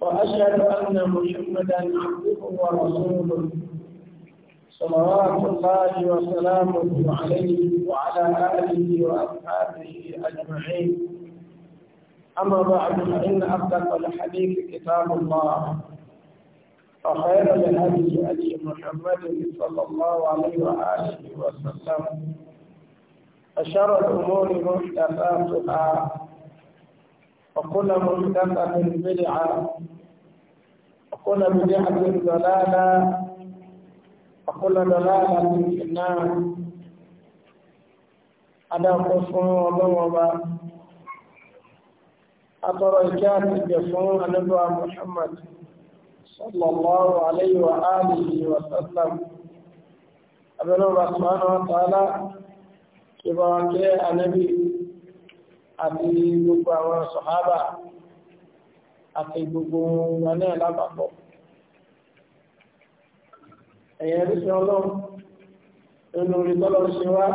وأشهد أن محمدا عبده ورسوله صلوات الله وسلامه عليه وعلى آله وأصحابه أجمعين أما بعد فإن أصدق الحديث كتاب الله وخير الهدي هدي محمد صلى الله عليه وآله وسلم أشار الأمور محدثاتها وكل محدثة بدعة وكل بدعة ضلالة وكل ضلالة في النار ada kó fún ọlọ́wọ́n bá atọ́rọ ìkẹ́ àti ìgbẹ̀ fún alẹ́bọ̀ Muhammad sallallahu alayhi wa alihi wa sallam abẹ́lọ́wọ́ subhanahu wa ta'ala kí bá wá kẹ́ ànábì àti gbogbo àwọn sọ̀hábà àti gbogbo wọn náà lápapọ̀. Ẹ̀yẹ ríṣẹ́ ọlọ́run nínú orí tọ́lọ́ ṣe wá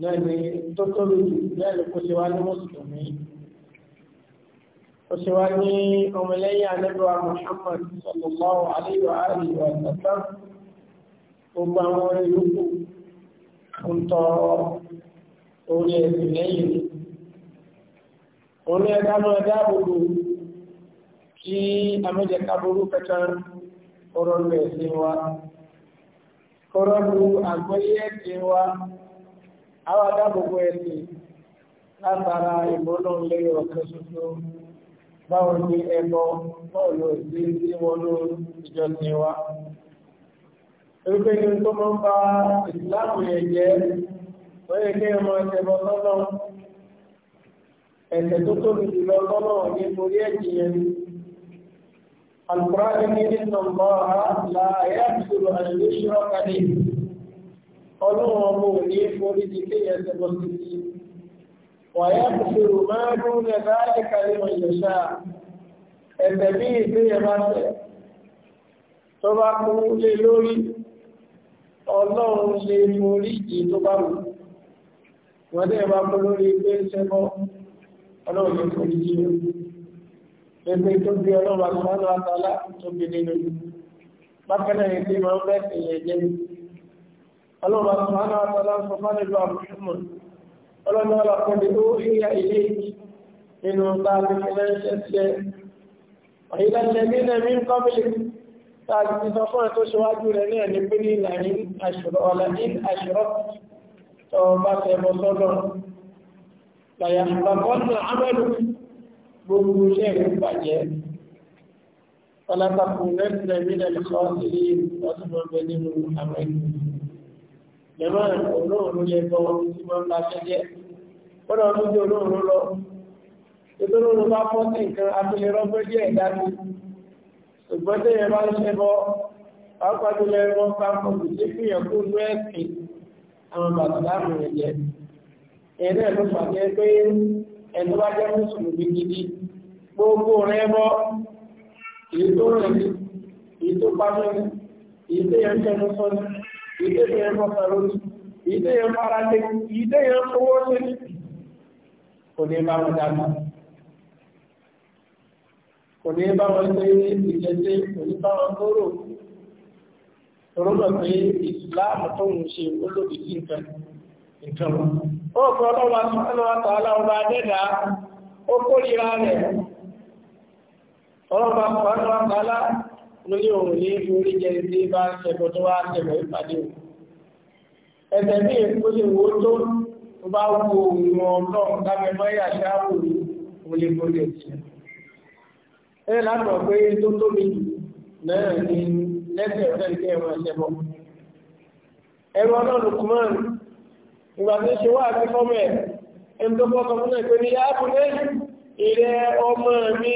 náà ni tó tóbi jù náà ló kó ṣe wá ní mùsùlùmí. Ó ṣe wá ní ọmọlẹ́yìn Anẹ́bíwá Muhammad sallallahu alaihi wa alihi wa sallam. Gbogbo àwọn orí yòókù ń tọ orí ẹ̀sìn lẹ́yìn òun ló yẹ ká máa dáàbò bò kí amẹ́jẹ̀ká burú kẹta ọ̀rọ̀ lu ẹ̀sìn wa ọ̀rọ̀ lu àgbọ́yé ẹ̀sìn wa àwọn dáàbò bò ẹ̀sìn látara ìmọ̀nà lé ọ̀kan ṣoṣo báwo ni ẹbọ báwo ló ṣe ń sí wọnú ìjọsìn wa. Ewépe ni tó máa ń ba ìsìláàmù yẹn jẹ́, wọ́n yẹ kí ẹ máa ṣẹbọ sọ́nà ẹ̀ṣẹ̀ tó tóbi jùlọ lọ́nà ní orí ẹ̀jì yẹn alukuraani ní nínú ọmọ àlá ẹ̀yà ìṣòro àṣìlè ṣúra kadì ọlọ́run ọmọ òní orí ti kéèyàn ṣe bọ́ sí i wàyà ìṣòro máa dún ní ẹ̀dá ìkàlẹ̀ ọ̀yẹ̀ṣà ẹ̀ṣẹ̀ bí ìgbéyẹ̀ bá tẹ̀ tó bá kú lé lórí ọlọ́run lè forí jì tó bá wù wọ́n dẹ̀ bá kú lórí pé ń ṣẹ́gbọ́n ọlọ́run ló fún ìdí rẹ̀. Ẹgbẹ́ tó gbé ọlọ́run àtúmọ́nà àtàlá tó gbé nínú. Bákan náà yẹn tí máa ń bẹ́ẹ̀ sì yẹn jẹ́. Ọlọ́run àtúmọ́nà àtàlá ń sọ fánà ìlú àbúṣùmọ̀. Ọlọ́run náà lọ́kùnrin ó híyà ilé nínú bá a ti fi ránṣẹ́ sí náà mí ń kọ́bílì. Táàbí ti sọ fún ẹ tó ṣíwájú rẹ̀ ní ẹ̀ní pé ní ìlànà àṣùrọ̀ ọ̀là ní àṣùrọ̀ tó bá tẹ̀ bọ́ sọ́dọ̀ làyà àbàkọ́nà amẹ́lù gbogbo iṣẹ́ ìlú bàjẹ́ ọlátàkùn lẹ́sẹ̀ mílẹ̀ lọ́kọ́ ilé ọdúnmọ̀gbẹ́ nínú amẹ́lù lẹ́mọ̀ olóòrùn yẹ kọ́ tí wọ́n bá ṣe jẹ́ kọ́nà ọdún jẹ́ olóòrùn lọ ìtọ́lóòrùn bá fọ́ sí nǹkan afẹ́lẹ́rọ́gbẹ́ díẹ̀ dání ṣùgbọ́n tẹ́yẹ bá ń ṣẹbọ pàápàá tó lẹ́rọ bá kọ́ kò sí ẹ̀rẹ́ ló fàjẹ́ pé ẹ̀lú wá jẹ́ mùsùlùmí gidi gbogbo rẹ̀ bọ́ èyí tó rìn èyí tó pamọ́ èyí tó yẹn tẹnu sọ́nù èyí tó yẹn bọ́ sàrónì èyí tó yẹn fara lé èyí tó yẹn fowó sí kò ní bá wọn dáná kò ní bá wọn ṣe ìjẹsẹ kò ní bá wọn lóró torógbà pé ìsìláàmù tó ń ṣe olóbi sí nǹkan nǹkan wọn ó kọ́ ọlọ́wà sọ́lọ́wà tààlà ọba adẹ́dà ó kórìíra rẹ̀ ọlọ́wà sọ́lọ́wà tààlà lórí òun ní orí jẹ́ ti bá ń ṣẹ̀bọ̀ tó wá ṣẹ̀bọ̀ ìpàdé o ẹ̀sẹ̀ bí èkó lè wo tó tó bá wo òun ọlọ́run lábẹ́mọ́ ìyàṣá òru òun lè kó lè jẹ́ ìgbà tí ṣe wá àti fọ́mọ̀ ẹ̀ ẹni tó fọ́ sọmọ́ náà pé ní yáàbùlé ìrẹ ọmọ mi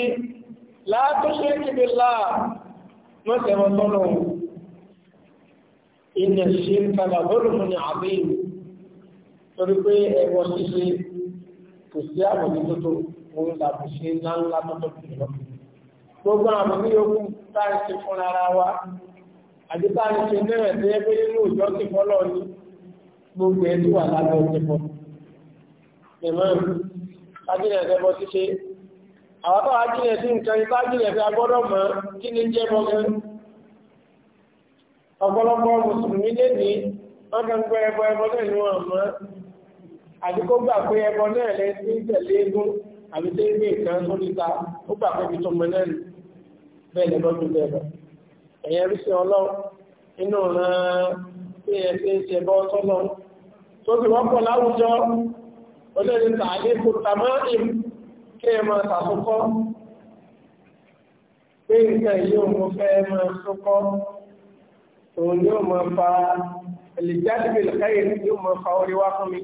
látúnṣe kìbí láà mọ́sẹ̀wọ̀n tọ́nà ìnà ṣe ń kalà bọ́rù fún ní àbíyìn torí pé ẹ̀wọ̀ ṣíṣe kò sí àbòjú tó tó òun làbò ṣe ńláńlá tó tó kù lọ. gbogbo àbòjú yòókù táà gbogbo ẹni wà lábẹ́ òṣèpọ̀. Ìmọ̀ ajílẹ̀ ẹ̀fẹ́ ti ṣe. Àwọn tó ajílẹ̀ sí nǹkan ipá ajílẹ̀ fi agbọ́dọ̀ mọ̀ kí ni jẹ́ bọ́gẹ́. Ọ̀pọ̀lọpọ̀ Mùsùlùmí lè ní ọdún gbọ́ ẹbọ ẹbọ náà ni wọ́n mọ̀. Àti kó gbà pé ẹbọ náà lẹ sí tẹ̀lé eégún àbí tẹ́ ilé ìkan tó níta ó gbà pé ibi tó mọ náà nì. Bẹ́ẹ̀ lẹ́bọ́ tó bẹ́ẹ̀ lọ. Ẹ̀yẹ rí sí ọlọ́run inú ọ̀ràn tí ẹ fi ń ṣe bọ́ sọ́lọ́run tó sì wọ́pọ̀ láwùjọ olóòrì tààlé kò tàmáìm kí ẹ máa tàkókọ́ pé nǹkan yóò mú fẹ́ máa sókọ́ òun yóò máa fa ẹ̀lẹ́jáde bí lẹ́kẹ́yẹ yóò máa fa orí wá fún mi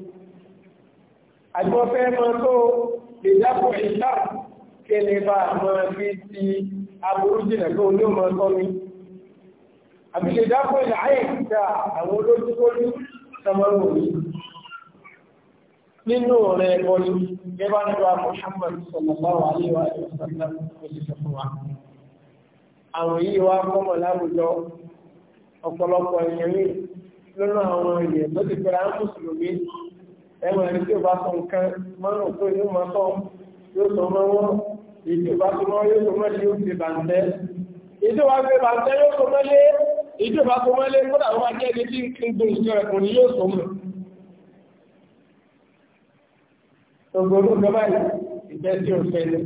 àjọ fẹ́ máa tó lè dápọ̀ ìṣá kí ni bá máa fi ti aburú jìnà tó ní ọmọ sọ mi àbí lè dápọ̀ ìlàáyẹ̀ ìṣá àwọn olójúkójú sọmọ́rọ̀ yìí nínú rẹ̀ ọ̀lú gẹ́bà nípa Muhammad sallallahu alaihi wa sallam òṣìṣẹ́ fún wa àwọn yìí wá kọ́mọ̀ láwùjọ ọ̀pọ̀lọpọ̀ ìyẹ̀mí lọ́nà àwọn èèyàn tó ti pẹ̀lú àwọn mùsùlùmí ẹ̀wọ̀n ẹni tí ó bá sọ nǹkan mọ́nà tó inú mọ́ sọ yóò sọ mọ́ wọn èyí tí ó bá sọ mọ́ yóò sọ mọ́ lé yóò fi bàǹtẹ́ èyí tó wá fi bàǹtẹ́ yóò sọ mọ́ lé ìjọba tó wọ́n lé kódà wọ́n máa jẹ́ ẹni tí ń gbé ìṣẹ́ rẹ̀ kò ní yóò sọ mọ̀. Ògbòrò gọba ìgbẹ́ tí ó fẹ́ ni.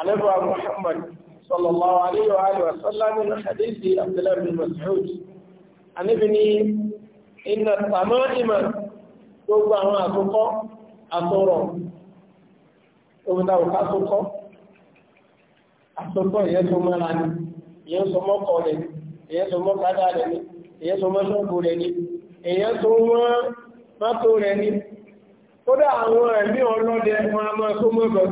Àlẹ́bọ̀ Muhammad sallallahu alayhi wa alihi wa sallam ní hadithi Abdullahi bin Mas'ud. Àníbi ni iná tàmọ́ ìmọ̀ gbogbo àwọn àkókò àtọrọ̀ òmìnira àkókò àtọkọ ìyẹn tó mọ́ra ni ìyẹn tó mọ́kọ ni èyàn tó mọ́ pátá rẹ̀ ni èyàn tó mọ́ sọ́ọ̀bù rẹ̀ ni èyàn tó mọ́ mọ́tò rẹ̀ ni kódà àwọn ẹ̀mí ọlọ́dẹ wọn a máa tó mọ́ bọ̀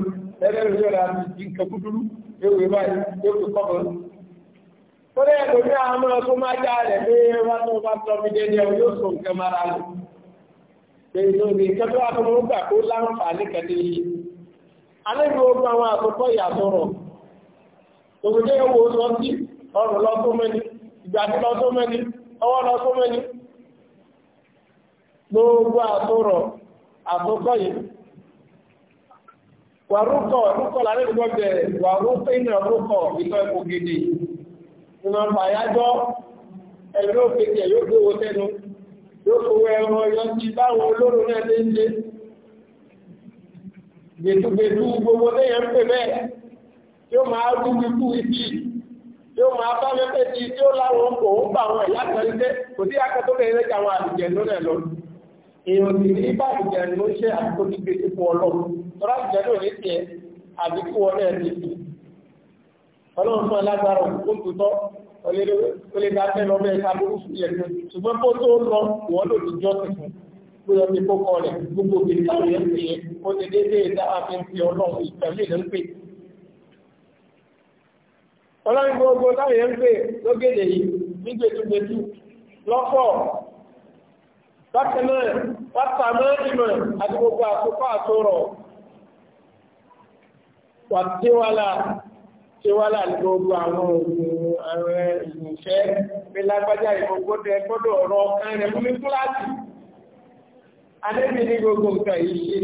ẹgbẹ́ rẹ̀ yọ̀rọ̀ àti nǹkan kúdúrú ewé báyìí ewé kọ́kọ́ kódà a máa tó má já rẹ̀ pé wọ́n tó bá tọ́ mi dé ní ọ yóò sọ nǹkan mara rẹ̀ pé lórí nǹkan tó wà tó mọ́ gbà kó láǹfààní kẹ́lẹ́ yìí alẹ́ gbogbo àwọn lọ́tọ́ mẹ́ni gbàtí lọ tó mẹ́ni ọwọ́ lọ tó mẹ́ni gbogbo àtòrọ̀ àtòkọ́ yìí wàrúkọ̀ rúkọ̀ lálẹ́ ìgbọ́ bẹ̀rẹ̀ wàrúkọ̀ ìnà rúkọ̀ ìtọ́ ẹ̀kọ́ gidi ìmọ̀ fàyájọ́ ẹ̀rọ òkèkè yóò gbé owó tẹ́nu yóò fowó ẹ̀rọ yọ sí olóró náà lé lé gbèdúgbèdú gbogbo lẹ́yìn ń pè bẹ́ẹ̀ yóò máa rú ikú ibi ó máa bá mẹ́fẹ́ di tí ó láwọn ń bò ń bá àwọn ẹ̀yà kan ní pé kò sí akẹ́ tó kẹ́yìn lẹ́jà àwọn àlùjẹ̀ ló rẹ̀ lọ. èèyàn sì ní bá àlùjẹ̀ ló ṣe àdúgbò ti gbé sípò ọlọ́run tọ́lá àlùjẹ̀ ló ní tiẹ̀ àdínkù ọ̀rẹ́ ẹ̀ nìkì. ọlọ́run fún alágbára òkú tó tọ́ olè bá fẹ́ lọ bẹ́ẹ̀ sábúrú ṣùgbọ́n kó tó ti kó kọ́ rẹ̀ gbogbo ìgbésí àwọn yẹn ó ti déédéé dáhà fi ń fi ọlọ́run ìtẹ̀lé ló ọlọ́rin gbogbo láyé ń gbé lógèdè yìí nígbètúgbètú lọ́pọ̀ bákanáà pátámọ́ ìmọ̀ àti gbogbo àkókò àtòrọ̀ wà tíwálà tíwálà ní gbogbo àwọn òògùn ààrẹ ìrìnṣẹ́ pé lágbájá ìgbogbo tẹ gbọ́dọ̀ ọ̀rọ̀ ọkàn fún kíláàsì anẹ́bí gbogbo nǹkan yìí ṣe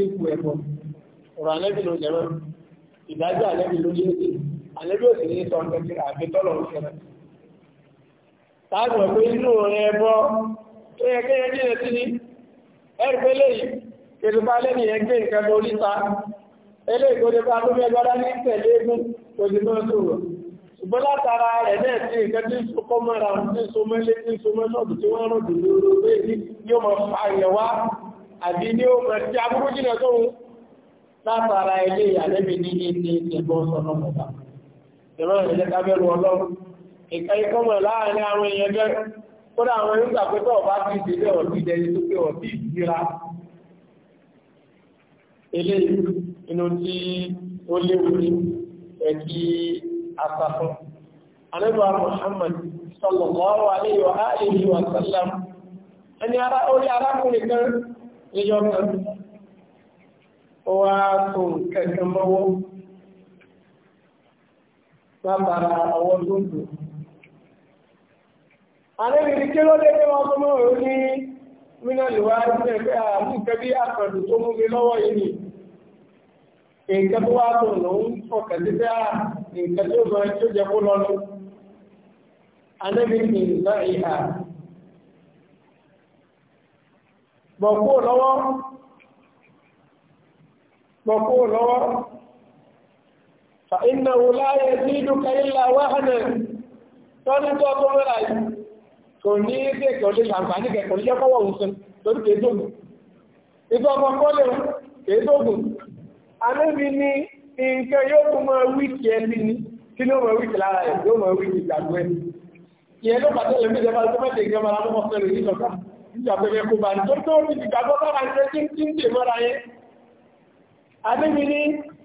é àlébí òsì ní sọ nǹkan àbí tọ́lọ̀ ń fẹ́rẹ̀. táàgbọ̀n pé inú rẹ̀ bọ́ tó yẹ kéyẹ jìnà sí ni ẹ̀rù pé lẹ́yìn kèrùbá lẹ́nu yẹn gbé nǹkan lórí ta eléyìí tó lè bá tó mẹ́gbọ́ dá ní tẹ̀lé egun kò sì mọ́ sọ̀rọ̀ ṣùgbọ́n látara rẹ̀ náà sí nǹkan tí ń so kọ́ mọ́ra tí ń so mọ́lé tí ń so mọ́ ṣọ́ọ̀bù tí wọ́n rọ̀ dùn lóró pé ní yóò mọ̀ fa àyẹ̀ wá àbí ní ó mọ̀ sí aburú jìnà sóhun látara ilé ìyàlẹ́bí ní ní ní ẹgbọ́n sọ́nà mọ̀ta ìran ìjẹ́ kábẹ́rù ọlọ́run ìka ikọ́ mọ̀ láàrin àwọn èèyàn jẹ́ kódà àwọn irúgbà pé tó ọba ti ìdílé ọ̀tí ìdẹni tó pé ọ̀tí ìdíra ilé inú tí ó léwu ní ẹ̀kí asafọ́ anábà Muhammad sallallahu alayhi wa alihi wa sallam ẹni ara orí arákùnrin kan níjọ́ kan ó wá tó nǹkan mọ́wọ́ látara ọwọ́ tó ń dùn. àlébìrì kí ló dé pé wọ́n tó mọ̀ ọ́ ní mínàlì wá sílẹ̀ pé àmú nǹkan bí àkàndù tó mú mi lọ́wọ́ yìí ni nǹkan tó wá tó lòún fọkàn sí pé à ah, nǹkan tó mọ tó jẹ kó lọ́nu. àlébìrì kì í lọ ìhà. bọ̀ kó lọ́wọ́ bọ̀ kó lọ́wọ́. فإنه لا يزيدك إلا وهنا tọ́lú tó ọkọ̀ mẹ́ra yìí kò ní ṣe kò lè ṣàǹfààní kẹ̀kọ́ ní jẹ́kọ́wọ́ òun lórí kèédógún ìgbà ọmọ kọ́lẹ̀ kèédógún anábi ní nǹkan yóò kún mọ́ wíìkì ẹni ní tó ní tó tó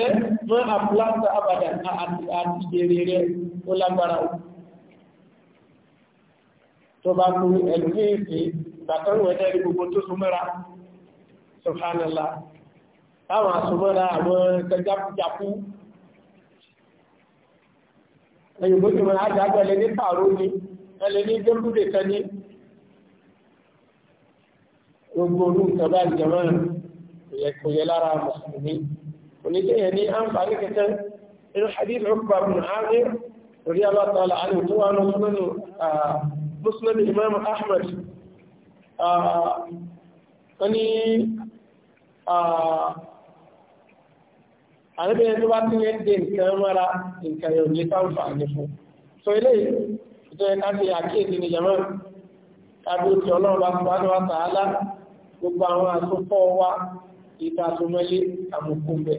ẹ́ mọ́ àpùlásà àbàdà àti èrè rẹ̀ ó lágbára o tó bá kú ẹ̀lùmí ìpè bàtọ́rù ẹ̀dẹ́ rí gbogbo tó súnmọ́ra subhanallah táwọn àsùnmọ́ra àwọn ẹ̀kẹ́jápújápú ẹ̀yìnbó tí wọ́n á dágbẹ́ ẹlẹ́ ní pààrọ̀ ni ẹlẹ́ ní jẹ́múdè tẹ́ni gbogbo olú ìtọ́bá ìjọba kò yẹ lára mùsùlùmí onídé yẹn ní àǹfààní kẹtẹ inú hadith Uqba ibn Amir radiyallahu ta'ala anhu tó wà ní Musnad Imam Ahmad wani àrẹ́bẹ̀rẹ̀ tó bá tí yẹn dé nǹkan mara nǹkan yóò ní sáǹfààní fún so ilé ìtọ́ ẹ̀ká sí àkíyèsí ní jẹ́mọ́ tàbí òtí ọlọ́run bá tó bá tó wá tààlá gbogbo àwọn àtúnkọ́ wa ìtàtúmọ́lé àmùkúmbẹ̀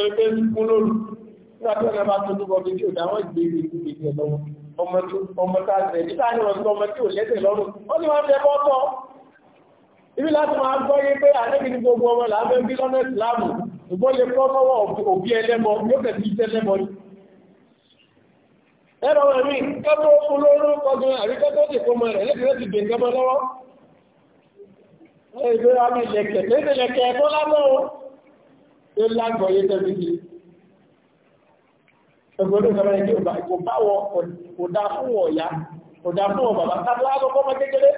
ẹgbẹ́ kúlóòlù nígbà tí ọ̀nà bá tó tó bọ́bí tí ò dáwọ́ ìgbèrè ìgbèrè lọ́wọ́ ọmọ tá a tẹ̀ nígbà ní ọ̀sán ọmọ tí ò lẹ́sẹ̀ lọ́rùn ó ní wọ́n fẹ́ bọ́ tọ́ ibi láti máa gbọ́ yé pé àlẹ́bí ní gbogbo ọmọ làbẹ́ bí lọ́nà ìsìláàmù ìgbọ́n lè kọ́ sọ́wọ́ òbí ẹlẹ́mọ yóò kẹ̀ sí iṣẹ́ lẹ́mọ ni. ẹ̀rọ wọn mi kẹ́tọ́ fún lóró kọ́gbọ́n àbí kẹ́tọ́ sì fún ọmọ rẹ̀ lẹ́sìn lẹ́sìn gbè nǹkan lọ́wọ́. ẹ̀rọ mi lẹ̀kẹ̀ lẹ́sìn lẹ̀kẹ̀ ẹ̀kọ́ lábọ́ tó lágbọ̀ọ́yé tẹ́lifí ẹgbẹ̀rún ìjọba ẹgbẹ̀ ọba kò bá wọ ọ̀dá fún ọ̀yá ọ̀dá fún ọ̀bà bá tàbí lágbọ́kọ́ ọmọ kékeré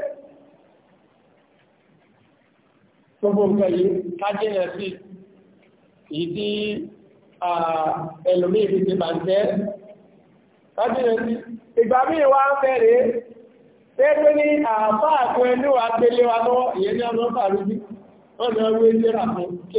gbogbo nǹkan yìí kájẹ́nà sí ìdí ẹlòmí ìdí ti bá ń jẹ́ kájẹ́nà sí ìgbà míì wá ń fẹ́rẹ̀ pẹ́pẹ́ ní àbáàkùn ẹni wà tẹ́lẹ̀ wa lọ́wọ́ ìyẹn ní ọmọ fàrúbí wọ́n ni wọ́n wé jẹ́ra fún kí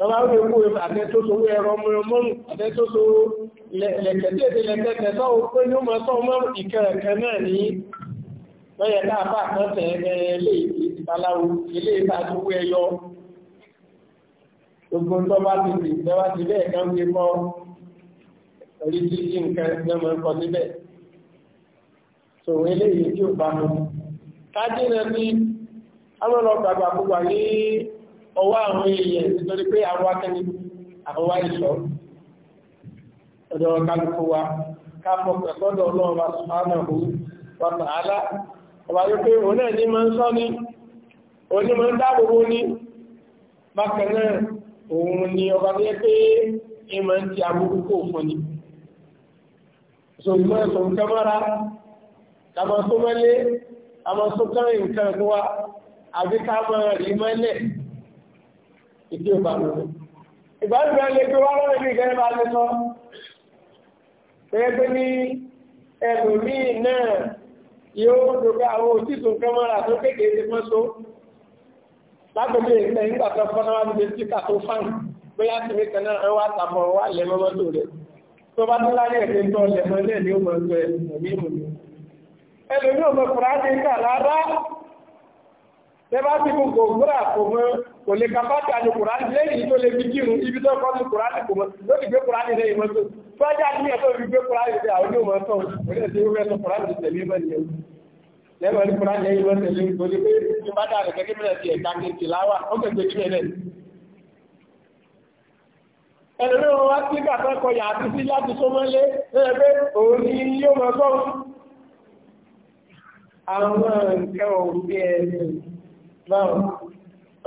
tọ́ba ó lè kú àtẹ́tóso ẹ̀rọ mọ́rún àtẹ́tóso lẹ̀kẹ̀tẹ̀ lẹ̀kẹ̀tẹ̀ tó pé ní ó mọ́ tó mọ́ ìkẹrẹ̀kẹ́ náà ní lọ́yẹ̀ káàbà kan tẹ̀ ẹ̀ẹ́lẹ́ ìbaláwo ilé ìtàkùn ẹyọ gbogbo ń tọ́ba ti sì tẹ́wá ti bẹ́ẹ̀ kan fi kọ́ orí títí nǹkan ní ọmọ nǹkan níbẹ̀ tó eléyìí tí ó bá mú kájí náà ní àwọn ọlọ́gbàgbà gbogbo àyè ọwọ́ àwọn èèyàn nítorí pé àwọn akẹ́ni àwọwá ìṣọ́ ọjọ́ kálukú wa káfọ́ pẹ̀kọ́dọ̀ ọlọ́ọ̀bá sùpánàkú wọ́pọ̀ alá ọba yóò pé òun náà ní máa ń sọ ní òní máa ń dáàbòbò ní bákan náà òun ni ọba tó yẹ pé ẹ máa ń ti aburú kò fún ni sòmọ́ ẹ̀sùn kámárà kàmọ́sọ́mọ́lé àmọ́sọ́kàn nǹkan wa àbí ká máa rí mọ́lẹ̀ ìdí òbá lórí. Ìgbàlùgbà lè gbé wá lọ́rẹ̀ ní ìgbẹ́rẹ́ bá lé sọ. Pẹ́ẹ́gbẹ́ ní ẹ̀rù míì náà yóò dògbé àwọn òtítùn kan mọ́ra tó kékeré ti fọ́n so. Lágbègbè ìpínlẹ̀ nígbà tó fọ́nà wá níbi títà tó fáìn bóyá sì ní kan náà wá tàbọ̀ wá lẹ̀ mọ́mọ́ tó rẹ̀. Tó bá tó láyé ẹ̀sìn tó lẹ̀ mọ́ náà ni ó mọ̀ sọ ẹ̀mí mọ̀ mi. Ẹlòmí ò mọ̀ kùrá kò lè ka fáta ní kùránì lẹ́yìn tó lè fi kírun ibi tó kọ́ ní kùránì kò mọ̀ ló ti gbé kùránì lẹ́yìn mọ́ tó fájà ní ẹ̀ tó fi gbé kùránì lẹ́yìn àwọn yóò mọ̀ tó òní ẹ̀sìn ìwé ẹ̀sìn kùránì ti tẹ̀lé mọ́ nìyẹn lẹ́wọ̀n ní kùránì lẹ́yìn mọ́ tẹ̀lé tó ní pé tí bá dàrú kẹ́kẹ́ báwọn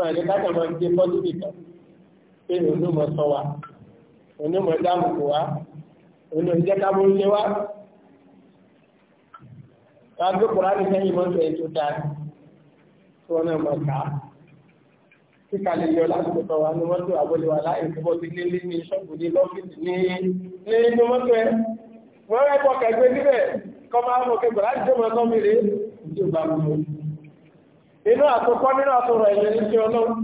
ọ̀rẹ́ ní kájà máa ń gbé bọ́dún nìkan pé onímọ̀ sọ wa onímọ̀ dáàmú kò wá onímọ̀ jẹ́ ká mú lé wá. káàdó kùránì sẹ́yìn mọ́ sọ èyí tó dáa tí wọ́n náà mọ̀ ká kíkà lè yọ lásìkò tó wà ní mọ́tò àbọ̀lẹ̀ wà láì tó bọ́ sí nílé ní ṣọ́ọ̀bù ní lọ́fíìsì ní ní mọ́tò ẹ̀ wọ́n rẹ̀ pọ̀ kẹ̀gbẹ́ níbẹ̀ kọ́ máa mọ̀ kẹgbẹ́ láti inú àkọ́kọ́ nínú àtọrọ ẹ̀yẹ ní ti ọlọ́run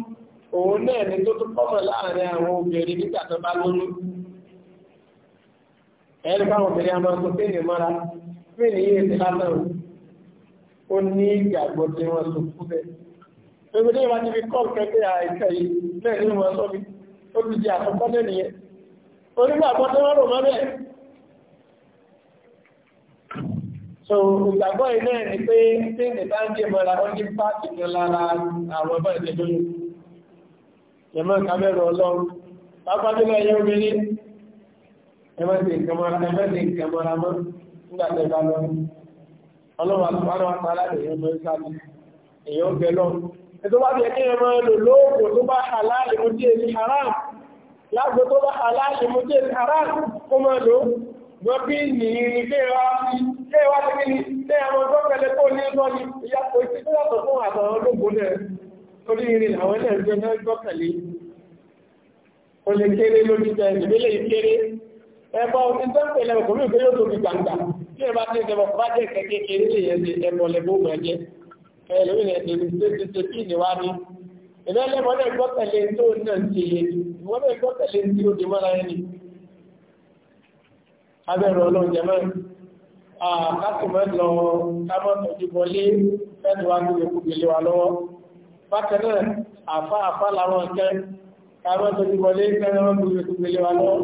òun náà ni tó tún kọ́mọ̀ láàrin àwọn obìnrin nígbà tó bá lóyún ẹ̀rí báwọn obìnrin àwọn ọmọ tó ní mọ́ra fún ìníyé ti lásán ó ní ìgbàgbọ́ tí wọ́n sọ fún bẹ́ẹ̀ ebi ní ìwádìí fi kọ́ kẹ́kẹ́ àìsàn yìí náà ní ìwọ̀n sọ́bi ó ti di àkọ́kọ́ lẹ́nìyẹn onígbàgbọ́ tí wọ́n rò mọ́ bẹ́ẹ̀ so ìgbàgbọ́ ilé ni pé tí ní bá ń jẹ mọ́ra ó ní pàtì ní lára àwọn ọba ìtẹ́jọ́lú ẹ̀mọ́ ìkàbẹ̀rẹ̀ ọlọ́run pápá nílẹ̀ ẹyẹ obìnrin ẹmọ́ sí nǹkan mọ́ra mọ́ nígbàtẹ́ bá lọ ọlọ́run àtúwárọ̀ àtàrà èèyàn mọ́ ìsáàbì èèyàn bẹ lọ ètò bá bẹ kí ẹmọ lò lóògùn tó bá halal mú díẹ̀ sí haram lágbo tó bá halal mú díẹ̀ sí haram kó mọ́ lò gbọ́ bí nìyí ní pé wá sí ṣé wá sí kíni ṣé àwọn ọjọ́ pẹ̀lẹ́ tó ní lọ ní ìyàpọ̀ ìsí tó yàtọ̀ fún àtàwọn ológun náà torí irin àwọn ilẹ̀ ìjọ náà gbọ́ pẹ̀lú o lè kéré lórí jẹ ìdílé ìkéré ẹbọ ìjọ pẹ̀lẹ́ kò ní ìgbéyàwó tó fi gbàǹgbà tí ẹ bá ti ṣẹbọ bá jẹ kẹ̀kẹ́ kéré lè yẹn ṣe ẹbọ lẹbọ mọ jẹ ẹlòmí rẹ ni wá ní ìdá ẹlẹbọ náà gbọ́ pẹ̀lẹ́ tó náà ń ṣe yẹn ìwọ náà gbọ́ pẹ̀lẹ́ tí ó ti mọ́ra ẹni àkásùmọ́ lọ kámọ́tò ìbọlé fẹ́ni wá ní ikú gbèlé wa lọ́wọ́ bákan náà àfá àfá làwọn kẹ́ kámọ́tò ìbọlé fẹ́ni wá ní ikú gbèlé wa lọ́wọ́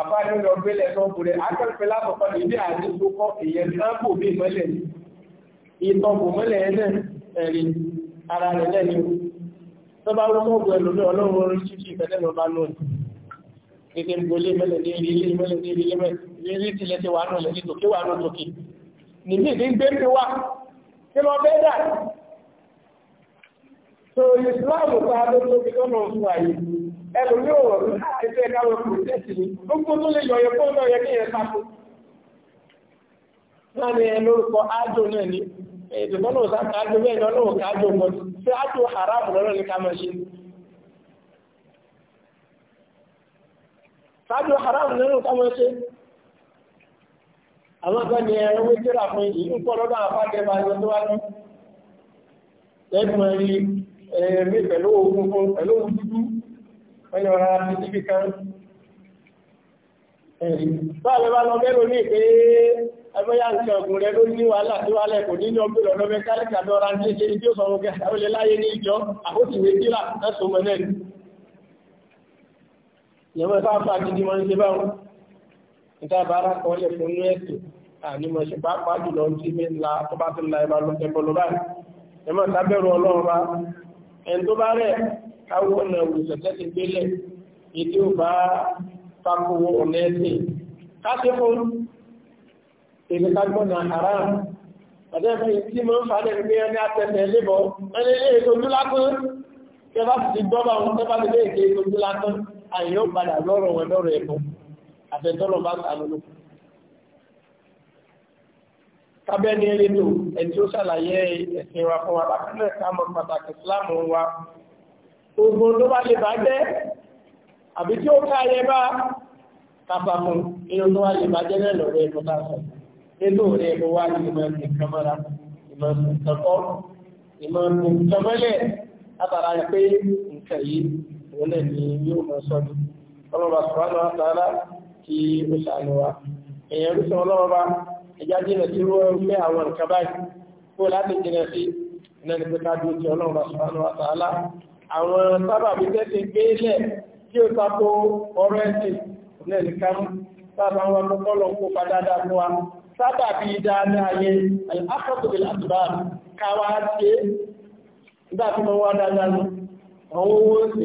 àfá ní lọ gbélé tó gbòrè akẹ́kọ̀ọ́ lápapọ̀ ìdí àdínkù kọ́ èèyàn sáàpù bí mọ́lẹ̀ ìtọ́kù mọ́lẹ̀ ẹ̀dẹ̀ ẹ̀rí ara rẹ̀ lẹ́ni tó bá wọ́n mọ́gbọ̀ ẹlòmí ọlọ́run orí títí ìfẹ́lẹ́ kékeré gbolé mẹ́lẹ̀ ní ilé mẹ́lẹ̀ ní ilé mẹ́lẹ̀ ní ilé tilẹ̀ ti wà nù lẹ́yìn tòkè wà nù tòkè nìbí ìdí ń gbé mi wá kí lọ bẹ́ẹ̀ dà so ìsìláàmù ta ló tóbi lọ́nà fún àyè ẹlò ní òwò ah, ẹgbẹ́ káwọn protest ni gbogbo tó lè yọ̀yọ̀ fún ọ̀nà yẹ kí tábí haram nínú táwọn ṣe àwọn kan ní ẹ̀rọ wé jẹ́ra fún ìlú pọ̀ lọ́dọ̀ àpájẹ́ bá yọ tó wá ní ẹgbùn ẹ̀rí ẹ̀rí pẹ̀lú ogun fún pẹ̀lú ogun dúdú wọ́n yọra ti síbi kan ẹ̀rí báyìí bá lọ mẹ́rin ní pé ẹgbẹ́yà ń sọ ọ̀gùn rẹ ló ní wàhálà tí wàhálà kò ní lọ gbèrò lọ́mẹ́kálíkà lọ́ra ní ṣe ibi ó sọ ìyàwó ẹ̀fà fà gidi wọn ṣe báwọn níta bára kan lè fún ẹ̀sìn àní mo ṣe pàápàá jùlọ tí mi la tó bá ti la ẹ̀bà lọ ẹ̀bọ̀ lọ báyìí ẹ̀mọ́ tábẹ̀rù ọlọ́run bá ẹni tó bá rẹ̀ káwọ́ ọ̀nà ìwòsàn tẹ́sí gbélẹ̀ ètò bá fakowó ọ̀nà ẹ̀sìn káṣí fún èdè kágbọ́nà haram àdẹ́fẹ́ tí mo ń falẹ̀ gbé ẹni àtẹ́fẹ́ lébọ̀ ẹni ilé ètò ojú látún tẹ́fà sì gbọ́ bá wọn tẹ́fà sì lé ètò ojú látún àyè ó padà lọ́rọ̀ wọn lọ́rọ̀ ẹ̀kọ́ àfẹ́tọ́lọ̀ bá sàánú ló. kábẹ́ni rédíò ẹni tó ṣàlàyé ẹ̀sìn wa fún wa lákàtúntẹ̀ sáàmù pàtàkì ìsìláàmù wa ogun tó bá lè bá jẹ́ àbí tí ó ká ayẹ bá kápámú inú tó wá lè bá jẹ́ náà lọ́rọ̀ ẹ̀kọ́ tá a sọ nínú rẹ̀ ló wá ní ìmọ̀ ẹ̀sìn kámọ́ra ìmọ̀ ẹ̀sìn kẹ́kọ́ ìmọ̀ ẹ̀sìn kẹ́mọ́lẹ̀ látara pé nǹkan yìí ìwọlẹ̀ ni yóò mọ̀ sọ́dún ọlọ́ba sọ̀rọ̀ àtàrà kí ó sàánú wa èèyàn rúsùn ọlọ́ba ẹjá jìnà tí ó fẹ́ àwọn nǹkan báyìí kó láti jìnà sí tí tí wá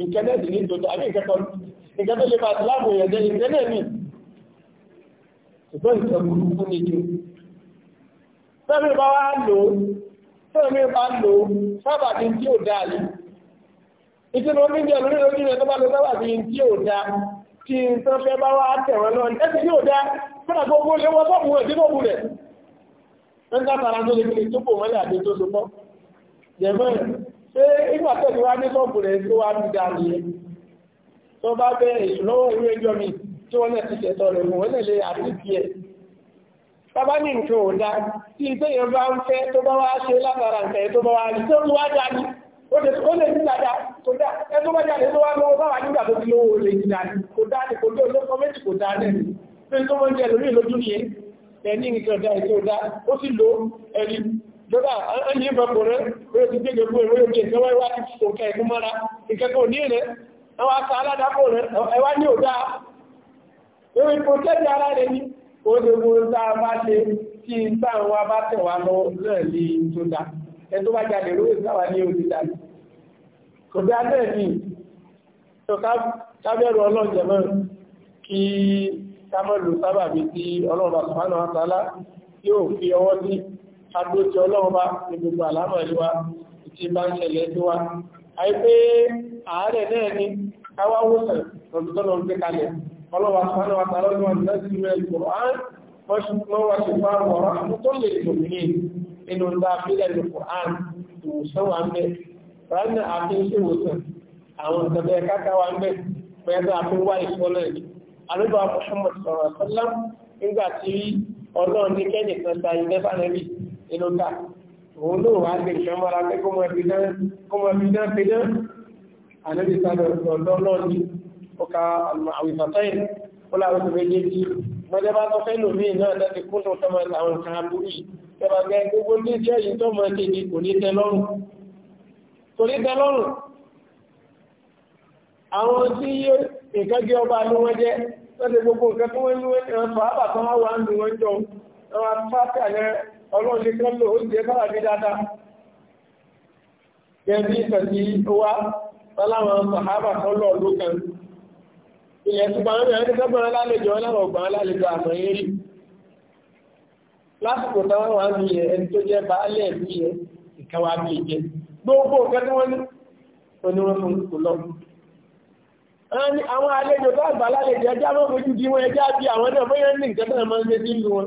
ìkẹ́lẹ́sì ní tòtò àbí ìkẹ́kọ̀ọ́ ìkẹ́ tó lè bá láàbò ìyẹ̀jẹ́ ìkẹ́lẹ́ mi ṣùgbọ́n ìṣẹ́ burúkú ní jù tẹ́mi bá wá lò tẹ́mi bá lò sábà ní tí ò dáa ni ìṣẹ́ ló ń jẹ́ lórí lójú rẹ̀ tó bá lọ sábà ní tí ò dáa kí n tó fẹ́ bá wá tẹ̀wọ́n lọ ẹ̀sì tí ò dáa fúnà gbogbo lé wọ́n sọ́ọ̀mù ẹ̀ dínà òwúrẹ̀ ń dá tara tó lè fi tó pò mọ́lẹ̀ àti tó so mọ́ jẹ̀mọ́ ṣé ìgbà tẹ̀lé wá ní sọ́ọ̀bù rẹ̀ tó wá ní dáa nìyẹn tó bá bẹ ìṣúnáwó ìwé ẹjọ́ mi tí wọ́n náà ti ṣẹ̀tọ́ rẹ̀ mọ̀ wọ́n lè àtìkí ẹ̀ bàbá ní nǹkan ò dá tí ìtẹ́yẹ bá ń fẹ́ tó bá wá ṣe látara nǹkan tó bá wá rí tó wá dá ní ó lè ní dáadáa kò dá ẹ tó bá jáde tó wá lọ́wọ́ báwa nígbà tó ti lówó lè ní dáadáa kò dá ní kò dé olóko méjì kò dá náà ní pé tó wọ́n jẹ lórí ìlójú nìyẹn ẹ̀ ní nǹkan ọ̀dá ẹ̀ lọ́dà ẹni ìbẹ̀kọ̀ rẹ̀ wọ́n ti gbẹ́gbẹ̀ fún ẹ̀rọ ìjẹ́ ìjọba ìwá ti fò ká ẹ̀kú mọ́ra ìkẹ́kọ̀ọ́ ní rẹ̀ ẹwà ká aládàpọ̀ rẹ̀ ẹwà ní òdá ẹwà ìpòtẹ́bì ara rẹ̀ ní oògbò tá a bá ṣe tí ń bá wa bá tẹ̀ wá lọ náà ní tó dá ẹ tó bá jáde lórí ìsáwà ní òdì dá kò tí ọlọ́run àtàlá yóò fi ọwọ́ sí agbóòtí ọlọ́ọba ní gbogbo àlámọ̀ ìlúwa tí bá ń ṣẹlẹ̀ tí wá àìpé ààrẹ náà ni káwá wòsàn lọ́dútọ́lọ́ ń gbé kalẹ̀ ọlọ́wà sánà wà tààrà ní wọn lọ́sí rẹ̀ ìgbòrò án wọ́n wá sí fáwọn ọ̀rọ̀ àwọn tó lè tò ní inú ńlá abílẹ̀ ní Quran ìwòsàn wà ń bẹ ránà àfi ń ṣèwòsàn àwọn ìtọ́bẹ̀ káká wà inú ta òun náà wá lè ṣe mọ́ra pé kó mọ́ ẹbí náà kó mọ́ ẹbí náà pé náà ànábì sáré ọ̀dọ́ náà ní ọkà àwìsàtẹ́yìn ó láwọn tó fẹ́ jẹ́ jí mọ́jẹ́ bá tọ́ fẹ́ lòmí náà láti kó tó tọ́ máa àwọn kan aburú yìí tẹ́bà gẹ́ gbogbo ní iṣẹ́ yìí tó máa ṣe ní kò ní tẹ́ lọ́rùn kò ní tẹ́ lọ́rùn àwọn tí nǹkan jẹ́ ọba ní wọ́n jẹ́ lọ́dẹ̀ gbogbo nǹkan tó wọ́n ní wọ́n ọlọ́run lè kán lò ó ti jẹ́ sára bí dáadáa gẹ́bí ìfẹ̀sí wá sáláwọn sàhábà kan lọ lókan ilẹ̀ tí gbọ́n rẹ̀ ti gbọ́n lálejò ọlọ́run gbọ́n lálejò àmọ́ yé rí lásìkò táwọn wà ní ẹ̀ ẹni tó jẹ́ baálẹ̀ ní ẹ̀ ìkẹwà bí ìjẹ gbogbo nǹkan tí wọ́n ní oníwọ́n fún àwọn àlejò tó àgbà lálejò ẹjá mọ́ fojú bí wọ́n ẹjá bí àwọn náà bóyá ní nǹkan náà ń ṣe sí ìlú wọn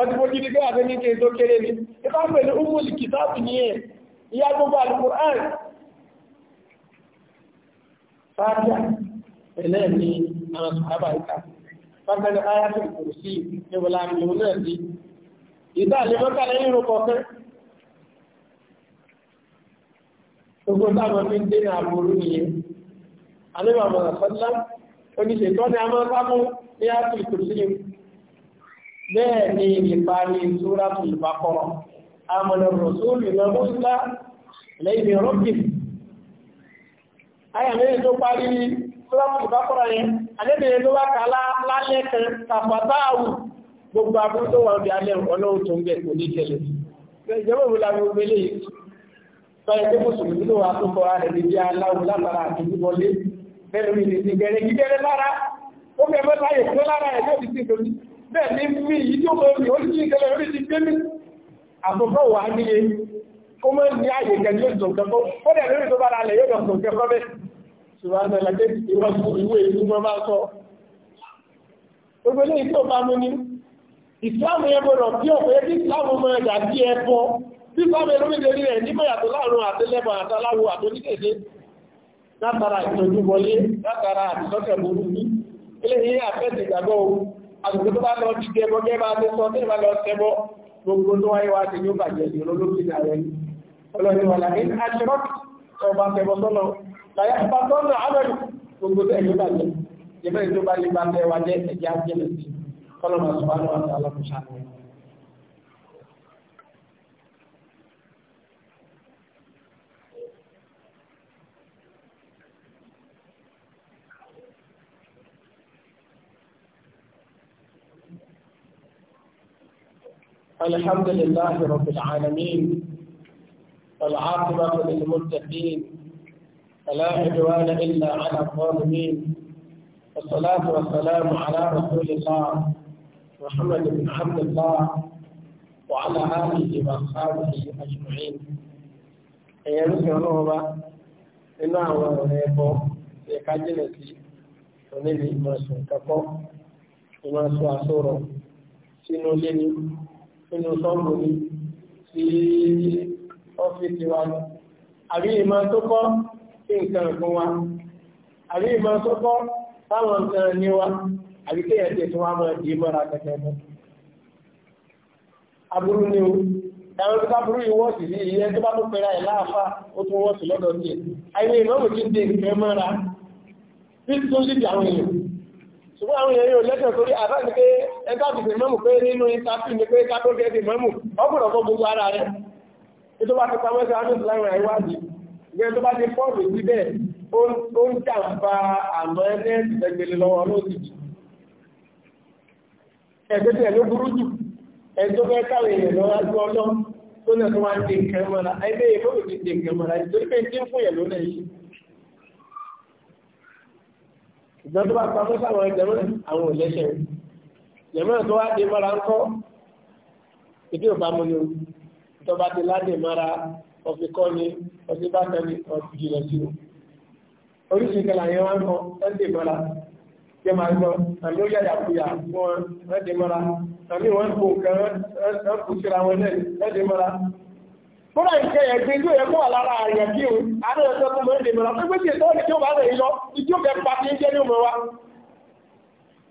ọdí fojú ní gbáyàtọ́ ní kí èso kéré ní ipá pẹ̀lú umul kìtàbù ní ẹ̀ ìyá gbogbo alukur'an fàájá pẹ̀lẹ́ ní àwọn sàábà ìta fàbẹ̀lẹ̀ ayáṣẹ́ ìkùrùsí ìwòlá ìlú náà sí ìdá àlèmọ́ta lẹ́yìn rò kọ̀ọ̀kan gbogbo táwọn fi ní àbúrú nìyẹn alẹ́ ni a máa bẹ́ẹ̀ ni ìparí súrátù ìbákọ́rọ̀ àmàlà rọ̀súlù na mọ́sílá lẹ́yìn rọ́bìn ayà mẹ́rin tó parí súrátù ìbákọ́rọ̀ yẹn alẹ́bẹ̀rẹ̀ ló wá ká lálẹ́ kan tàbátáàwù gbogbo abúrú tó wà ní alẹ́ ọlọ́run tó ń bẹ̀ kò ní tẹ̀lé ìjọba òun la gbogbo eléyìí báyẹ̀ tó kò sùn nínú wa tó kọ́ ara rẹ̀ bí aláwọ̀ lábàrá àti wọlé bẹ́ẹ̀ lórí ìdíjẹ́rẹ́ gígẹ́rẹ́ lára ó fẹ́ mọ́ láyè tó lára ẹ̀ lórí sí ìdòmí bẹ́ẹ̀ ni mí yìí tó mọ́ ìkẹlẹ̀ orí ti gbé mi àtọ́fọ́ wà ní e ní ààyè kẹjọ ìjọ̀kẹ́kọ́ ó dẹ̀ látara ìtọ́jú wọlé látara àtìsọ́kẹ̀ burú ní eléyìí àfẹ́sẹ̀ ìgbàgbọ́ àtùkù tó bá lọ ti gẹbọ gẹbà tó sọ tó bá lọ sẹbọ gbogbo tó wáyé wá ti ní ó bàjẹ́ ìlú olóògbé ààrẹ ni ọlọ́run wà láyé aṣọ́rọ́ tó bá sẹbọ sọ́nà láyé àpá sọ́nà àbẹ̀rù gbogbo tó ẹ̀yọ́ bàjẹ́ ìjẹ́bẹ̀rẹ̀ tó bá lè bá tẹ́ wájẹ́ ẹ̀jẹ̀ á jẹ́ lẹ́sìn kọ́lọ́mà الحمد لله رب العالمين والعاقبة للمتقين فلا عدوان إلا على الظالمين والصلاة والسلام على رسول الله محمد بن عبد الله وعلى آله وأصحابه أجمعين يا رسول الله إنا bá nínú àwọn ọ̀rẹ́ ẹ̀kọ́ tí ẹ̀ka jìnà sí onílé ìmọ̀ nínú sọ́ọ̀bù ni sí ọ́fíìsì wa ni àbí ìmọ̀ tó kọ́ sí nǹkan ẹ̀gbọ́n wa àbí ìmọ̀ tó kọ́ sáwọn nǹkan ní wa àbí kéèyàn ti tún wá mọ̀ di mọ́ra kẹ̀kẹ́ mọ́. aburú ni o ẹ̀rọ tó bá burú yìí wọ́ọ̀sì sí ilé tó bá tó pẹ̀lá ẹ̀ láàfà ó tún wọ́ọ̀sì lọ́dọ̀ sí ẹ̀ àyè ìmọ̀mù ti ń de nǹkan mọ́ra bí tó ń lè di àwọn èèyàn ṣùgbọ́n àwọn èèyàn yóò lẹ́sẹ̀ sórí àbá ẹgbẹ́ àti ìmọ̀mù pé nínú ìtàkì ní pé ká tó gẹ́ ti ìmọ̀mù ọgbọ̀dọ̀ fún gbogbo ara rẹ̀ tí tó bá ti pamọ́ sí àánú ìsìláìmù àìwádìí ìgbẹ́ tó bá ti ó ń àmọ́ ẹgbẹ́ lọ́wọ́ ẹgbẹ́ tí burú jù ẹjọ́ fẹ́ káwé tó ń di mọ́ra ẹgbẹ́ jẹ̀mọ́ tó wá dé mara ń kọ́ ìdí òbá mu ni o ìjọba ti ládé mara ọ̀fi kọ́ ni ọ̀fi bá tẹ̀lé ọ̀fi jìnà sí o oríṣi kẹlẹ̀ àyẹ̀ wá ń kọ́ ẹ̀dẹ̀ mara jẹ́ máa ń lọ àmì ó yàyà kuyà fún wọn ẹ̀dẹ̀ mara àmì wọn kò kàn án kò síra wọn náà ẹ̀dẹ̀ mara fúnra ìṣe ẹ̀gbin tó yẹ kó wà lára àyẹ̀ o àárẹ̀ ọ̀sẹ̀ tó mọ̀ ẹ̀dẹ̀ mara pé pé tí ètò ọ̀nì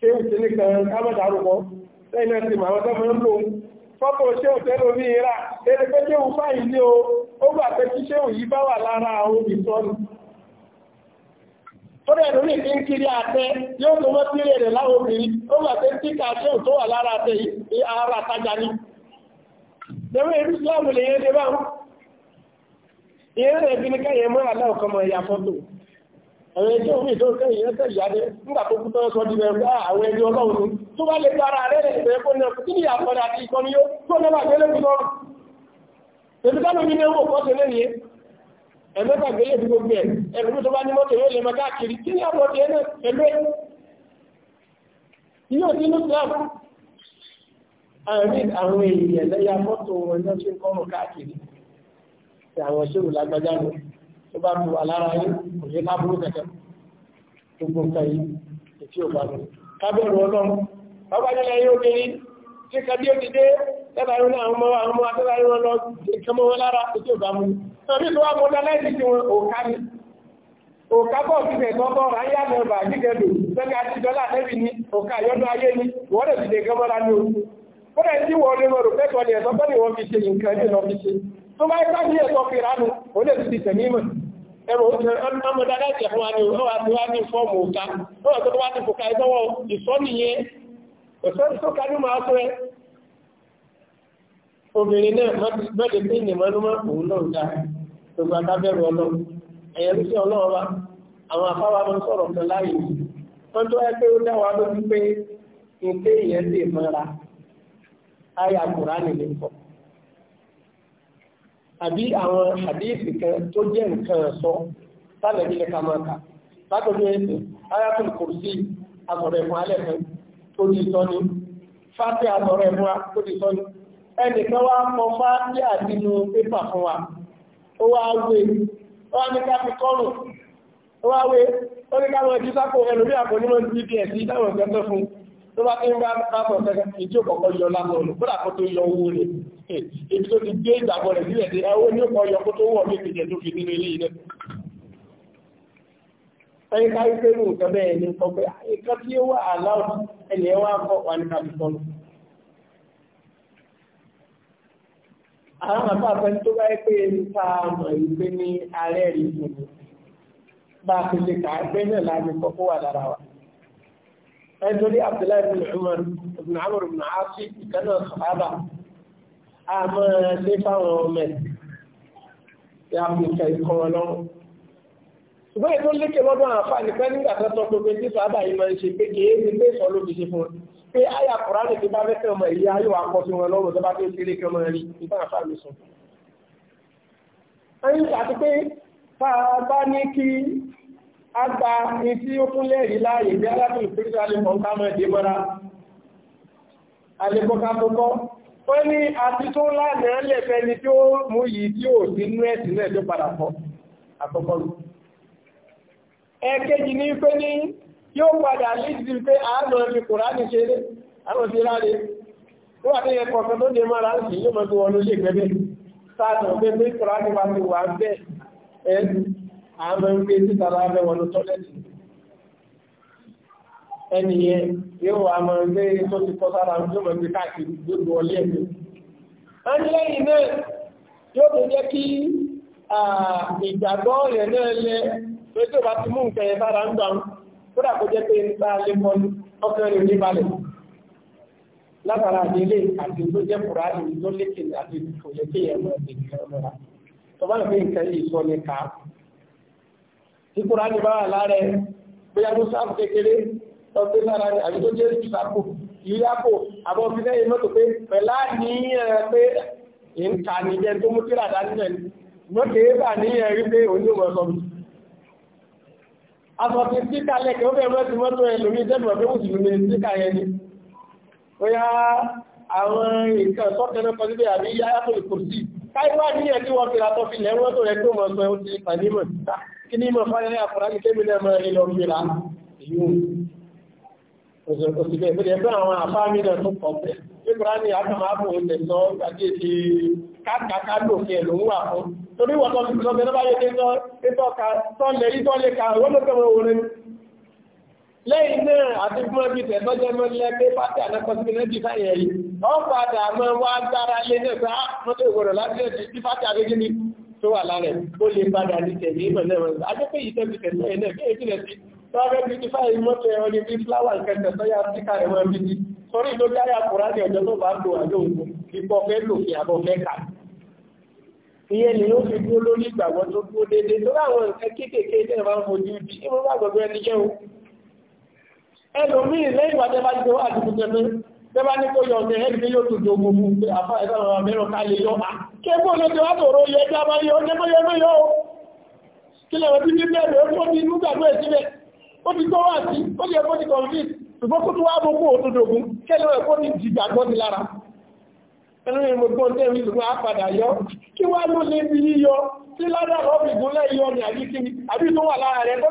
ṣé ìṣẹ́lẹ̀ kan kámẹ́ta àrùkọ lẹ́yìn náà ti mọ̀ àwọn ń lò ó fọ́pọ̀ ṣé òtẹ́ lómi ra pé báyìí ní o ó gbà pé kí ṣé òun yìí bá wà lára àwọn ìsọnù tó rẹ̀ lórí kiri àtẹ yóò tó mọ́ sí rẹ̀ láwọn ó gbà pé tó wà lára àtẹ yìí ara àtajà ni lẹ́wọ́n èrú lè yẹn dé ẹ̀rọ ẹjọ́ orí tó kẹ́yìn ẹ̀kẹ́ ìyáde nígbà tó kú tọ́rọ sọ́jú rẹ̀ bá ah, àwọn ẹni ọlọ́run tó bá lè gbára rẹ̀ rẹ̀ ìbẹ̀rẹ̀ kó náà kí ni àpọ̀dà àti ìkọni yóò tó lọ́wọ́ àgbélé bí lọ́rùn tèmi kánú mi ní owó kọ́ tẹ́lẹ̀ nìyẹn ẹ̀mẹ́ta gbélé bí gbogbo ẹ̀ ẹ̀rọ tó bá ní mọ́tò yóò lè mọ káàkiri kí ni àpọ̀ tẹ́ ẹ̀lẹ́ yóò ní ní Islam àárín àwọn èèyàn lẹ́yà mọ́tò wọn lọ́sí kọ́rùn káàkiri àwọn ṣòro lágbájá lọ́wọ́ tó bá mi alára yìí kò yẹ lábúrú kẹ̀kẹ́ gbogbo nǹkan yìí ètí ò bá mi kábẹ̀rù ọlọ́run bàbá yóò kéré tí kàbí ó ti dé tẹ́bà àwọn ọmọ àwọn ọmọ àtẹ́bà ètí ò bá tó bá ipá ní ẹ̀tọ́ fìránù ó lè ti tẹ̀mí mọ̀ ẹ̀rọ ọmọdé aláìsí ẹ̀fún wa ni ó wà tí wá ní fọ́ọ̀mù òka ó wà tó tó wá ti fòkà ìsọ́wọ́ ìsọ́nìyẹn òṣèlúsọ́ka ní máa tó ẹ obìnrin náà mẹ́lẹ̀ tí ìnìmọ̀ ló máa kù náà dá gbogbo adábẹ́rù ọlọ́run ẹ̀yẹ ló sí ọlọ́run wa àwọn afáwa máa ń sọ̀rọ̀ kan láàyè wọ́n tó ẹ pé ó pé nǹkan lè mọ́ra ayé àkùrá nìyẹn pọ̀ àbí àwọn àdéhìsì kan tó jẹ́ nǹkan sọ, sálẹ̀ nílẹ̀ kamaka látọ̀dọ̀ ẹ̀sìn ayatul kursi asọ̀rọ̀ ẹ̀fún alẹ́ kan tó ti sọ ní fáti asọ̀rọ̀ ẹ̀fún wa tó ti sọ ní ẹnìkan wá kọ fáti àdínú pépà fún wa ó wá wé ó wá ní ká fi ó wá wé ó ní ká ẹ̀jú sápò ẹlòmíà kò ní mọ̀ fún un tó bá tí ń bá rápọ̀ ṣẹ́gẹ́ ìjí òkọ̀kọ́ yọ lápọ̀lù bóra kó tó yọ owó rẹ̀ ibi tó ti gbé ìgbàgbọ́ rẹ̀ sílẹ̀ sí ẹwọ́ ní ọkọ̀ yọ kó tó wọ̀ méjì jẹ́ ilé ilẹ̀ ni nǹkan pé ah, nǹkan tí ó wà aláwọ̀ ẹni ẹ wá kọ́ wà ní kàbíkọ́lù àwọn àbá àfẹ́ tó bá pé ní ká mọ̀ wípé ní alẹ́ rí ìgbìmọ̀ bá a ti lè kà á gbé náà láti kọ́kọ́ wà lára wa ẹnitọ́rí abdullahi bin umar ibn amr ibn aasi ìkànnà sàhábà a máa lé fáwọn ọmọ ẹ̀ ya fi ìka ikọ̀ wọn lọ́wọ́ ṣùgbọ́n ètò lékè lọ́dọ̀ àǹfààní pé nígbà tó tọ́ pé tí sàhábà yìí máa ń ṣe pé kìí ṣe pé sọ ló fi ṣe fún wọn pé àyà kùránì ti bá fẹ́fẹ́ ọmọ ìyá yóò wá kọ́ sí wọn lọ́wọ́ tó bá fẹ́ ṣe lékè ọmọ rí nígbà àǹfààní sọ. ẹyin àti pé bá a bá ní kí agba ìtí ó fún lẹ́rí láàyè bí alákùn ìpínlẹ̀ alẹ́kọ̀ọ́kámọ́ ìdíbọ́ra alẹ́kọ̀ọ́kámọ́kọ́ ó ní àti tó lánàá lẹ́fẹ́ ni tí ó mú yìí tí ó sí inú ẹ̀sìn náà tó padà kọ́ àkọ́kọ́ rú ẹ̀kẹ́jì ní pé ní yóò padà lídìí pé àárọ̀ ẹ̀fẹ́ kòránì ṣeré àwọn ti ráre ó wà ní ẹ̀kọ́ kan tó dé mọ́ra ń sì yóò mọ́ tó wọn ló lè gbẹ́bẹ́ sáà tó gbé pé kòránì wa ti wà bẹ́ẹ̀ ẹ̀sìn àárọ̀ ń gbé títa lábẹ́ wọn tọ́lẹ́tì ẹni yẹn yóò wà máa gbé tó ti kọ́ sára tó máa gbé káàkiri gbogbo ọlé ẹ̀mí. a ní lẹ́yìn náà yóò tó jẹ́ kí ìgbàgbọ́ rẹ̀ náà lẹ pé tó bá ti mú nǹkan yẹn sára ń gbàùn kódà kó jẹ́ pé ń ta lé mọ́ ọkàn rẹ̀ ní balẹ̀ látara délé àti tó jẹ́ kùránì tó lékè àti kò lékè yẹn mọ́ ẹ̀mí kan mọ́ra tó bá lọ pé nǹkan yìí sọ ní káàkiri tí kúrò ní bá wà lára ẹ bóyá ló sáàpù kékeré ọgbẹ́ lára rẹ àbí tó jẹ́ ìsàpò ìyápò àbọ̀ fífẹ́ yìí mọ́tò pé pẹ̀lá ní ẹ̀rẹ́ pé ìǹkà nìjẹ tó mú kíra dání rẹ̀ lókè bà ní ẹ̀rí pé oníwọ̀ sọ mi. aṣọ ti síkà lẹ́kẹ̀ ó fẹ́ mọ́tò mọ́tò ẹ lómi jẹ́bùrọ̀ pé mùsùlùmí síkà yẹn ni bóyá àwọn nǹkan sọ́kẹ́rẹ́ kan síbẹ̀ àbí yáyà tó lè kò sí káyọ̀ wá níyẹn tí wọ́n fi ra tọ́ fi lẹ́rú mọ́tò rẹ̀ tó mọ̀ sọ ẹ̀ ó ti pàdé mọ̀ síta kí ní mọ̀ fáyẹ ní àfàrájì kébì náà mọ̀ ilẹ̀ òmìnira yóò òṣìlẹ̀ ìpínlẹ̀ ẹgbẹ́ àwọn àfáàmì náà tó pọ̀ pẹ̀ ìbúrání àtàmàbò ilẹ̀ sọ àdíyèsí káàkàkàdò fi ẹ̀lò ń wà fún torí wọ́n tó fi lọ́gbẹ̀ẹ́ bá yẹ kí sọ ìtọ́ka tọ́lẹ̀ ìtọ́lẹ̀ ka wọ́n ló fẹ́ràn òun lẹ́yìn náà àti fún ẹbí tẹ̀sọ́jẹ́ mọ́ lẹ́gbẹ́ pátí àlẹ́kọ̀ọ́sí méjì fáyẹ̀ yìí ọ padà mọ́ wá dára lé náà pé á mọ́tò láti ẹ̀sì tí pátí àgbégí ni tó wà lára ó lè padà ní tẹ̀lé ìmọ̀lẹ́ wọn adẹ́pẹ́ yìí tẹ́bi tẹ̀lé ẹ̀ náà bẹ́ẹ̀ tilẹ̀ sí lọ́wọ́ bí ti fáyé mọ́tò ẹ̀rọ ní bí fúláwà kẹta tó yá sí kárẹ̀ wọn bí ti sórí ló dáyà kúrá ní ọjọ́ tó bá lò àjọ òkú ìbọ̀ fẹ́ lò fi àbọ̀ fẹ́ kà ìyẹn ni ó fi dúró lórí ìgbàgbọ́ tó dúró déédéé tó di ìmọ̀ tẹ́bá ní kó yọ̀ọ̀dẹ̀ ẹ̀rí yóò tó jọ gbogbo àfá ẹ̀rọ mẹ́rọ̀ ká lè yọ́ kébò ló ti wá tòrò yẹ kí a máa yọ ọjọ́ yọ mọ́ yọ kí lẹ́wọ̀n tí bíbẹ̀ rẹ̀ ó ti mú gbàgbé ìsílẹ̀ ó ti tó wà sí ó yẹ kó ti kọ̀ǹfì ṣùgbọ́n kó tó wá gbogbo òtòdògún kẹ́lẹ́ ẹ̀kọ́ ti di gbàgbọ́ ti lára ẹnu ni gbogbo ọdẹ mi ṣùgbọ́n a padà yọ kí wá ló lé bí yíyọ tí ládàá rọ́ọ̀bì gúnlẹ̀ yọ ni àbí kí ni àbí tó wà lára rẹ̀ tó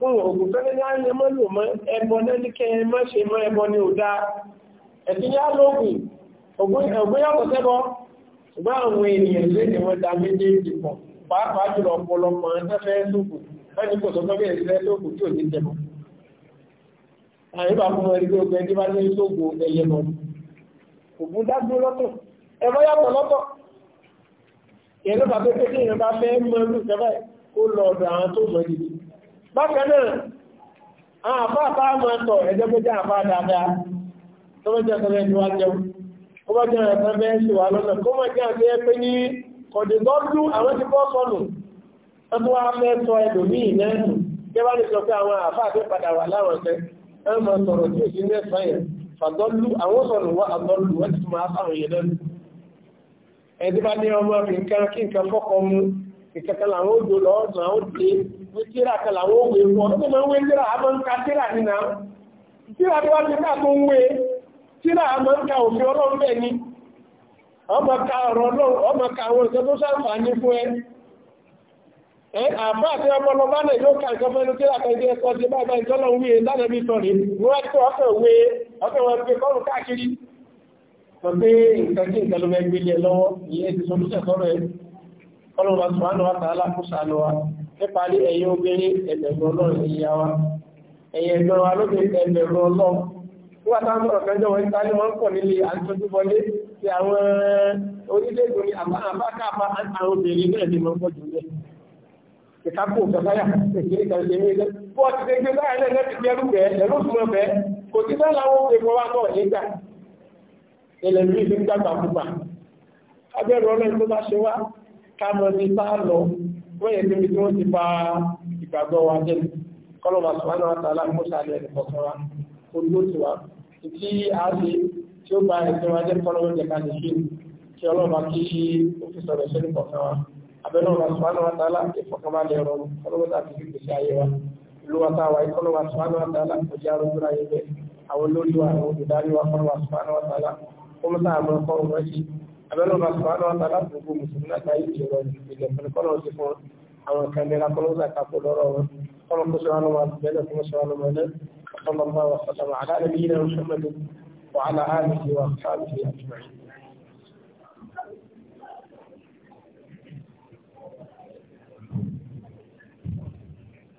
fún ògùn tó ní láàrin mọ́ lò mọ́ ẹbọ náà ní kẹ́ mọ́ ṣe mọ́ ẹbọ ní ò dáa ẹ̀sìn yá lóògùn ògùn yàtọ̀ sẹ́bọ ṣùgbọ́n àwọn ènìyàn lé ní wọ́n da méjèèjì pọ̀ pàápàá jùlọ ọ̀pọ̀lọpọ̀ ẹ̀fẹ́ lóògùn láti kò sọ́kọ́ bí ẹ̀sìn lóògùn tí ò ní jẹmọ́ àyíká fún ẹni tó gbẹ tí bá ní sóògùn ẹyẹ mọ́ ògùn dágbó lọ́tọ̀ ẹbọ yàtọ̀ lọ́tọ̀ ìyẹn ló bá pé pé tí ìyẹn bá fẹ́ mọ́ ẹlú kẹfẹ́ kó lọ ọ̀dọ̀ àwọn tó mọ̀ níbi bákan náà àwọn àfáàfá máa ń tọ̀ ẹjọ́ pé jẹ́ àfáà dáadáa tó bá jẹ́ ọ̀sán ẹjọ́ wá jẹun ó bá jẹ́ ọ̀sán bẹ́ẹ̀ ṣe wà lọ́nà kó máa jẹ́ àfẹ́ pé ní kọ̀dẹ̀gọ́dú àwọn ti bọ́ sọnù wọ́n tún wá fẹ́ sọ ẹlòmíì náà kí wá àdọ́lù wọ́n ti máa fáwọn yẹn lẹ́nu ẹ̀dí bá ní ọmọ ìkẹta làwọn odò lọ́ọ̀dùn àwọn òdìdé ní tíra kan làwọn òwe wọn tó máa ń wé tíra àmọ́ ń ka tíra nínà tíra tó wá ti ká tó ń wé tíra ka òfin ka àwọn ìṣẹ́ tó fún ẹ ọlọ́run àtúwánà wá tààlà kó sàánú wa níparí ẹ̀yin obìnrin ẹ̀bẹ̀rún ọlọ́run ìyá wa ẹ̀yin ẹ̀bẹ̀rún wa lóbìnrin ẹ̀bẹ̀rún ọlọ́run nígbà táwọn sọ̀rọ̀ kẹjọ wọn ìta ni wọ́n ń pọ̀ nílé àtúntúbọlé ti àwọn orílẹ̀-èdè ní àbákàbá àwọn obìnrin náà ni wọ́n pọ̀ jù lẹ̀ ìkápò kẹfàyà ìkíní kẹfàyà ní ilé bó ọtí ti gbé báyìí lẹ́nu ti fi ẹrú bẹ́ẹ̀ ẹ̀rú fún ọbẹ̀ kò sí bẹ́ẹ̀ làwọn èèmọ̀ wa náà nígbà kámọ́ bí bá lọ wọ́n yẹ níbi tí wọ́n ti bá ìgbàgbọ́ wa jẹ́ kọ́lọ́mà sọ́wọ́n náà tààlà mọ́sàlẹ̀ ẹ̀kọ̀kan wa olú ti wa tí a ṣe tí ó bá ẹ̀sìn wa jẹ́ kọ́lọ́mà jẹ́ ká lè ṣe kí ọlọ́mà kí ó fi sọ̀rọ̀ ṣe nìkọ̀kan wa abẹ́nú wa sọ́wọ́n náà tààlà ìfọ̀kànbalẹ̀ ọ̀rọ̀ kọ́lọ́mà tààlà fi gbèsè ayé wa ìlú wa táwa ìkọ́lọ́mà sọ́wọ́n náà tààlà kò jẹ́ arúgbó ayé bẹ́ẹ̀ àwọn olórí wa àwọn olùdarí abẹ́lẹ́ ọba sọ̀rọ̀ àwọn àtàlà gbogbo mùsùlùmí náà táyé ìṣòro ìpìlẹ̀ pẹ̀lú kọ́nà ti fún àwọn kẹ́mẹ́rà kọ́nà ọ̀sà kápò lọ́rọ̀ wọn kọ́nà kó sọ̀rọ̀ àwọn àbẹ̀lẹ̀ kó sọ̀rọ̀ àwọn ọmọdé ọ̀sán lọ́mọ àwọn ọ̀sán àlàyé wa sáàmì àjùmáyé